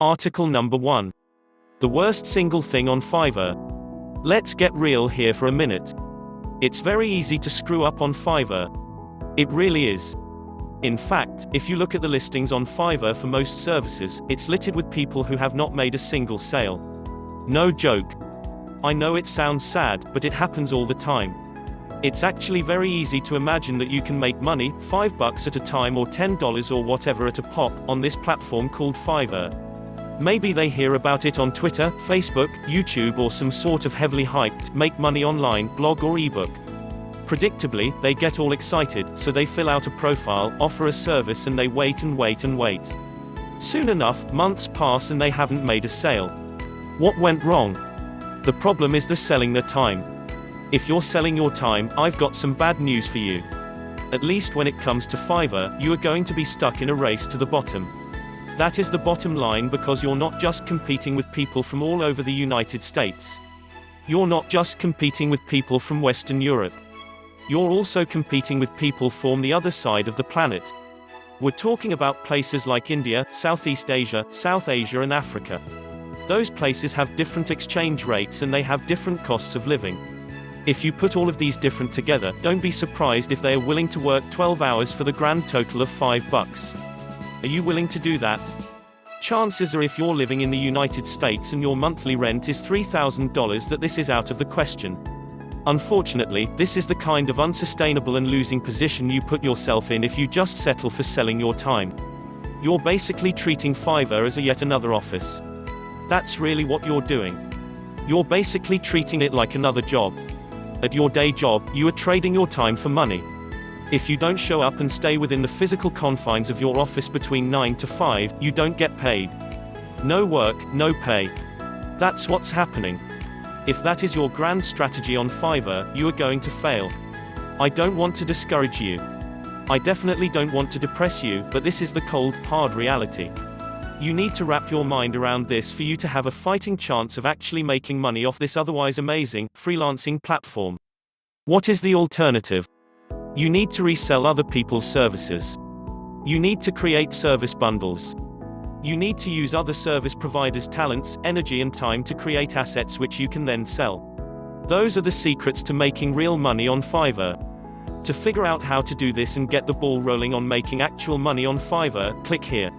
Article number 1. The worst single thing on Fiverr. Let's get real here for a minute. It's very easy to screw up on Fiverr. It really is. In fact, if you look at the listings on Fiverr for most services, it's littered with people who have not made a single sale. No joke. I know it sounds sad, but it happens all the time. It's actually very easy to imagine that you can make money, 5 bucks at a time or $10 or whatever at a pop, on this platform called Fiverr. Maybe they hear about it on Twitter, Facebook, YouTube or some sort of heavily hyped, make money online, blog or ebook. Predictably, they get all excited, so they fill out a profile, offer a service and they wait and wait and wait. Soon enough, months pass and they haven't made a sale. What went wrong? The problem is they're selling their time. If you're selling your time, I've got some bad news for you. At least when it comes to Fiverr, you are going to be stuck in a race to the bottom. That is the bottom line because you're not just competing with people from all over the United States. You're not just competing with people from Western Europe. You're also competing with people from the other side of the planet. We're talking about places like India, Southeast Asia, South Asia and Africa. Those places have different exchange rates and they have different costs of living. If you put all of these different together, don't be surprised if they are willing to work 12 hours for the grand total of 5 bucks. Are you willing to do that? Chances are if you're living in the United States and your monthly rent is $3,000 that this is out of the question. Unfortunately, this is the kind of unsustainable and losing position you put yourself in if you just settle for selling your time. You're basically treating Fiverr as a yet another office. That's really what you're doing. You're basically treating it like another job. At your day job, you are trading your time for money. If you don't show up and stay within the physical confines of your office between 9 to 5, you don't get paid. No work, no pay. That's what's happening. If that is your grand strategy on Fiverr, you are going to fail. I don't want to discourage you. I definitely don't want to depress you, but this is the cold, hard reality. You need to wrap your mind around this for you to have a fighting chance of actually making money off this otherwise amazing, freelancing platform. What is the alternative? You need to resell other people's services. You need to create service bundles. You need to use other service providers' talents, energy, and time to create assets which you can then sell. Those are the secrets to making real money on Fiverr. To figure out how to do this and get the ball rolling on making actual money on Fiverr, click here.